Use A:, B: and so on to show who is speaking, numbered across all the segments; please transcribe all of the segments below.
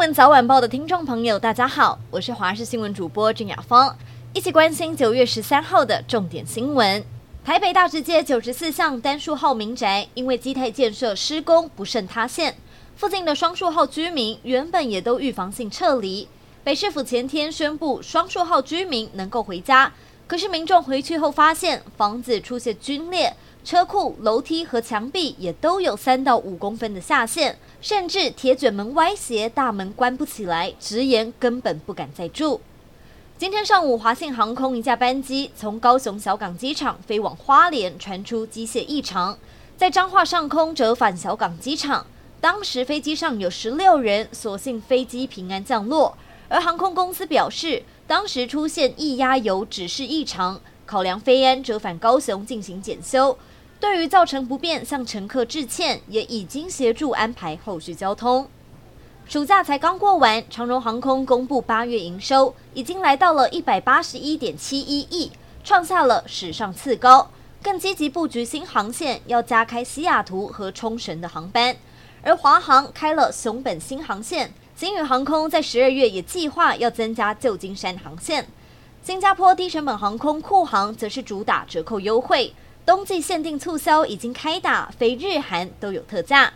A: 《新聞早晚報》的聽眾朋友，大家好，我是華視新聞主播鄭雅芳，一起關心九月十三號的重點新聞。台北大直街九十四巷單數號民宅因為基泰建設施工不慎塌陷，附近的雙數號居民原本也都預防性撤離。北市府前天宣布雙數號居民能夠回家，可是民眾回去後發現房子出現龜裂。車庫、樓梯和牆壁也都有三到五公分的下陷，甚至鐵捲門歪斜，大門關不起來，直言根本不敢再住。今天上午，華信航空一架班機從高雄小港機場飛往花蓮，傳出機械異常，在彰化上空折返小港機場。當時飛機上有十六人，所幸飛機平安降落。而航空公司表示，當時出現液壓油指示異常。考量飛安折返高雄進行檢修，對於造成不便向乘客致歉，也已經協助安排後續交通。暑假才剛過完，長榮航空公布八月營收已經來到了一百八十一點七一億，創下了史上次高。更積極布局新航線，要加開西雅圖和沖繩的航班。而華航開了熊本新航線，星宇航空在十二月也計劃要增加舊金山航線。新加坡低成本航空酷航則是主打折扣優惠，冬季限定促銷已經開打，非日韓都有特價。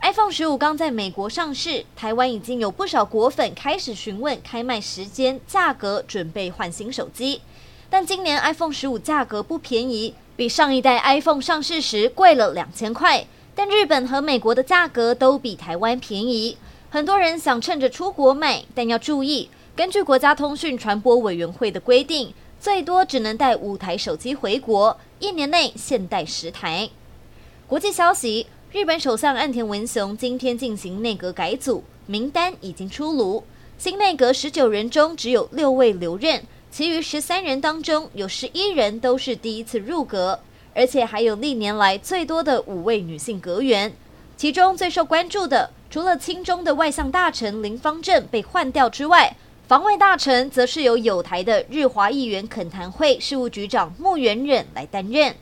A: iPhone 十五剛在美國上市，台灣已經有不少果粉開始詢問開賣時間、價格，準備換新手機。但今年 iPhone 十五價格不便宜，比上一代 iPhone 上市時貴了兩千塊。但日本和美國的價格都比台灣便宜，很多人想趁着出國買，但要注意，根據國家通訊傳播委員會的規定，最多只能帶五台手機回國，一年內限帶十台。國際消息：日本首相岸田文雄今天進行內閣改組，名單已經出爐。新內閣十九人中，只有六位留任，其餘十三人當中有十一人都是第一次入閣，而且還有歷年來最多的五位女性閣員。其中最受關注的，除了親中的外相大臣林芳正被換掉之外，防衛大臣則是由友台的日華議員懇談會事務局長木原稔來擔任。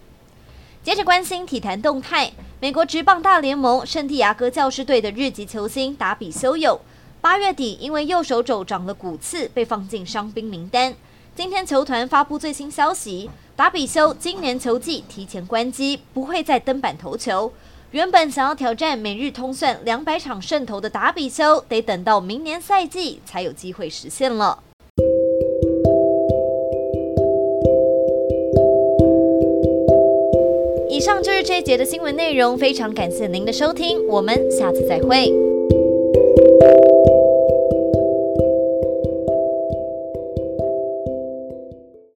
A: 接着關心體壇動態，美國職棒大聯盟聖地牙哥教士隊的日籍球星達比修有，八月底因為右手肘長了骨刺被放進傷兵名單。今天球團發布最新消息，達比修今年球季提前關機，不會再登板投球。原本想要挑戰美日通算兩百場勝投的達比修，得等到明年賽季才有機會實現了。以上就是這一節的新聞內容，非常感謝您的收聽，我們下次再會。